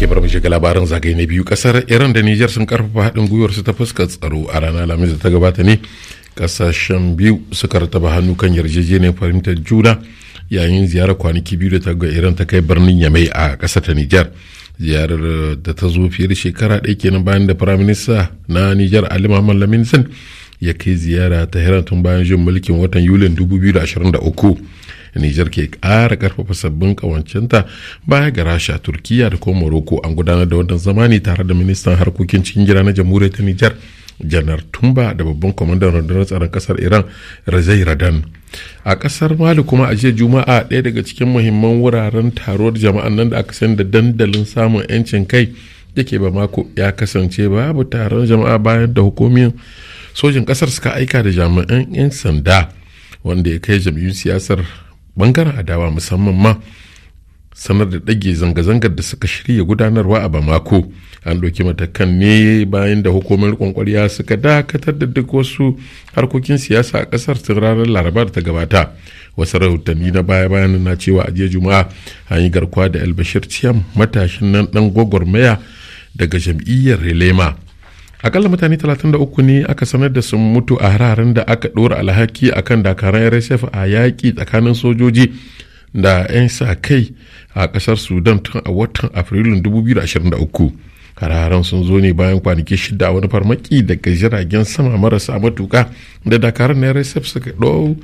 ke bar mu shiga labarin zagaye na biyu kasar iran da niger sun karfafa haɗin gwiwar su ta fuskar tsaro a ranar lamis da ta gabata ne kasashen biyu suka rataba hannu kan yarjejeniyar fahimtar juna yayin ziyarar kwanaki biyu da ta ga iran ta kai birnin yamai a ƙasar ta nijar ziyarar da ta zo fiye da shekara ɗaya kenan bayan da firaminista na nijar ali muhammad lamin ya kai ziyara ta tun bayan jin mulkin watan yulin 2023 nijar ke ƙara karfafa sabbin ƙawancenta baya ga rasha turkiya da kuma morocco an gudanar da wannan zamani tare da ministan harkokin cikin gida na jamhuriyar ta nijar janar tumba da babban kwamandan rundunar tsaron kasar iran razai radan a kasar mali kuma a jiya juma'a ɗaya daga cikin muhimman wuraren taruwar jama'an nan da aka sani da dandalin samun 'yancin kai yake ba mako ya kasance babu taron jama'a bayan da hukumin sojin kasar suka aika da jami'an 'yan sanda wanda ya kai jam'iyyun siyasar bangaren adawa musamman ma sanar da ɗage zanga-zangar da suka shirya gudanarwa a bamako an ɗauki matakan ne bayan da hukumar kwankwariya suka dakatar da duk wasu harkokin siyasa a ƙasar tun ranar laraba da ta gabata wasu rahotanni na baya bayan na cewa a juma'a an yi garkuwa da albashir ciyam matashin nan ɗan gwagwarmaya daga jam'iyyar relema akalla mutane 33 ne aka sanar da sun mutu a hararen da aka ɗora alhaki a kan dakaran rsf a yaƙi tsakanin sojoji da 'yan sa kai a ƙasar sudan tun a watan afrilun 2023 hararen sun zo ne bayan kwanaki shida wani farmaki daga jiragen sama marasa matuka da dakaran na rsf suka ɗau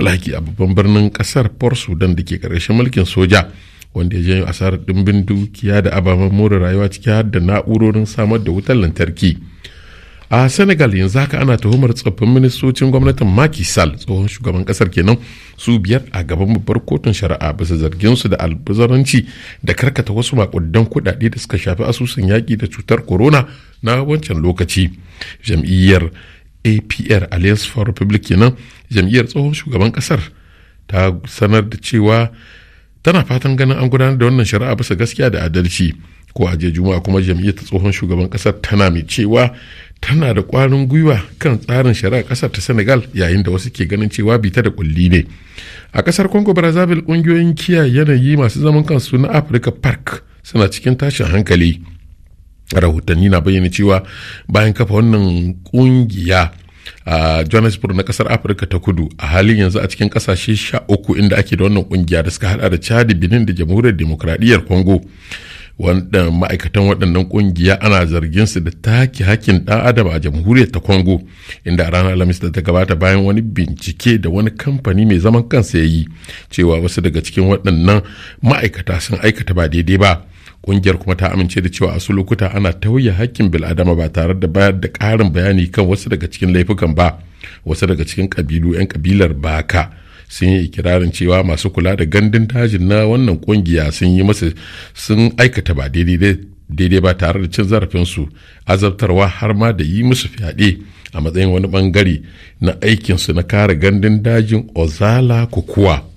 alhaki a babban birnin ƙasar port sudan da ke ƙarshen mulkin soja wanda ya janyo asarar dimbin dukiya da ababen more rayuwa ciki har da na'urorin samar da wutar lantarki a senegal yanzu haka ana tuhumar tsoffin ministocin gwamnatin Macky Sall tsohon shugaban kasar kenan su biyar a gaban babbar kotun shari'a bisa zargin su da albuzaranci da karkata wasu makudan kudade da suka shafi asusun yaki da cutar corona na wancan lokaci jam'iyyar APR Alliance for Republic kenan jam'iyyar tsohon shugaban kasar ta sanar da cewa tana fatan ganin an gudanar da wannan shari'a bisa gaskiya da adalci ko a juma'a kuma jam'iyyar ta tsohon shugaban kasar tana mai cewa tana da kwarin gwiwa kan tsarin shari'a kasar ta senegal yayin da wasu ke ganin cewa bita da kulli ne a kasar congo brazzaville kungiyoyin kiyaye yanayi masu zaman kansu na africa park suna cikin tashin hankali rahotanni na bayyana cewa bayan kafa wannan kungiya a johannesburg na kasar afirka ta kudu a halin yanzu a cikin kasashe sha uku inda ake da wannan kungiya da suka hada da chad benin da jamhuriyar demokradiyyar congo wanda ma'aikatan waɗannan kungiya ana zargin su da take hakkin ɗan adam a jamhuriyar ta congo inda ranar alhamis da ta gabata bayan wani bincike da wani kamfani mai zaman kansa ya yi cewa wasu daga cikin waɗannan ma'aikata sun aikata ba daidai ba kungiyar kuma ta amince da cewa a su lokuta ana tauye hakkin bil'adama ba tare da bayar da karin bayani kan wasu daga cikin laifukan ba wasu daga cikin kabilu 'yan kabilar baka sun yi ikirarin cewa masu kula da gandun dajin na wannan kungiya sun yi masa sun aikata ba daidai ba tare da cin zarafinsu azabtarwa har ma da yi musu fyaɗe a matsayin wani bangare na aikinsu na kare gandun dajin ozala kukuwa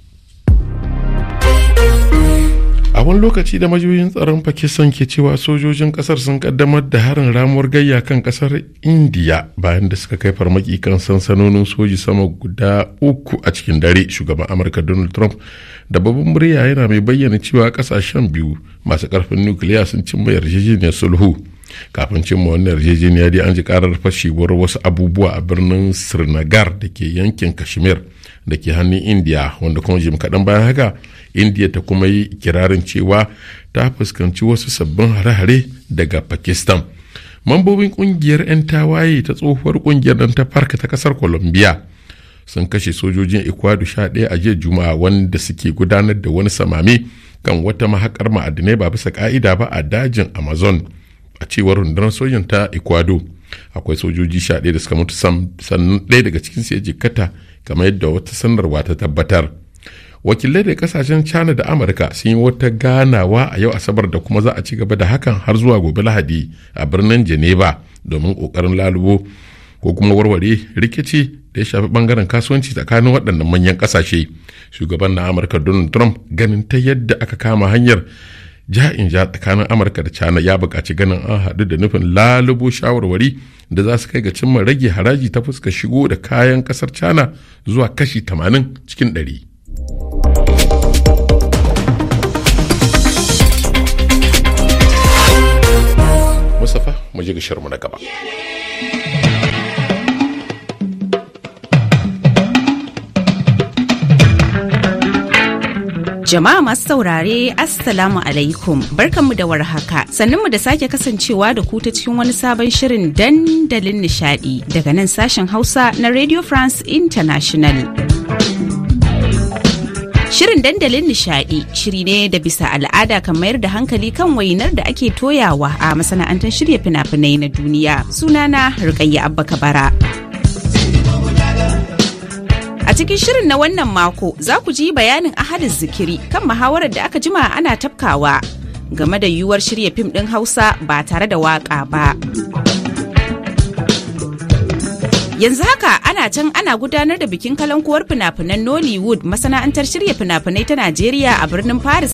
wani lokaci da majiyoyin tsaron pakistan ke cewa sojojin kasar sun kaddamar da harin ramuwar gayya kan kasar indiya bayan da suka kai farmaki kan sansanonin soji sama guda uku a cikin dare shugaban amurka donald trump da babban murya yana mai bayyana cewa kasashen biyu masu karfin nukiliya sun cimma yarjejeniyar sulhu kafin cimma wannan yarjejeniya dai an ji karar fashewar wasu abubuwa a birnin srinagar da ke yankin kashmir da ke hannun indiya wanda kuma jim kaɗan bayan haka indiya ta kuma yi kirarin cewa ta fuskanci wasu sabbin hare-hare daga pakistan mambobin ƙungiyar 'yan tawaye ta tsohuwar ƙungiyar nan ta farka ta ƙasar colombia sun kashe sojojin ecuador sha ɗaya a jiya juma'a wanda suke gudanar da wani samami kan wata mahakar ma'adinai ba bisa ka'ida ba a dajin amazon a cewar rundunar sojan ta ecuador akwai sojoji sha da suka mutu sam sannan ɗaya daga cikin su ya jikkata kamar yadda wata sanarwa ta tabbatar wakilai da kasashen china da amurka sun yi wata ganawa a yau asabar da kuma za a ci gaba da hakan har zuwa gobe lahadi a birnin geneva domin kokarin lalubo ko kuma warware rikici da ya shafi bangaren kasuwanci tsakanin waɗannan manyan ƙasashe shugaban na amurka donald trump ganin ta yadda aka kama hanyar ja'in ja tsakanin amurka da china ya buƙaci ganin an haɗu da nufin lalubo shawarwari da za su kai ga cimma rage haraji ta fuska shigo da kayan ƙasar china zuwa kashi 80 cikin 100 Mustapha mu ji shirmu na gaba. Jama'a masu saurare Assalamu alaikum barkanmu da warhaka sannunmu da sake kasancewa da ku ta cikin wani sabon shirin dandalin nishadi daga nan sashen Hausa na Radio France International. Shirin dandalin nishadi shiri ne da bisa al'ada kan mayar da hankali kan wainar da ake toyawa a masana'antar shirya fina-finai na duniya sunana Rukayya Abba Kabara. A cikin shirin na wannan mako za ku ji bayanin ahadin zikiri kan muhawarar da aka jima ana tafkawa game da yiwuwar shirya fim ɗin Hausa ba tare da waƙa ba. Yanzu haka ana can ana gudanar da bikin kalankuwar fina-finan Nollywood masana'antar shirya fina-finai ta Najeriya a birnin Paris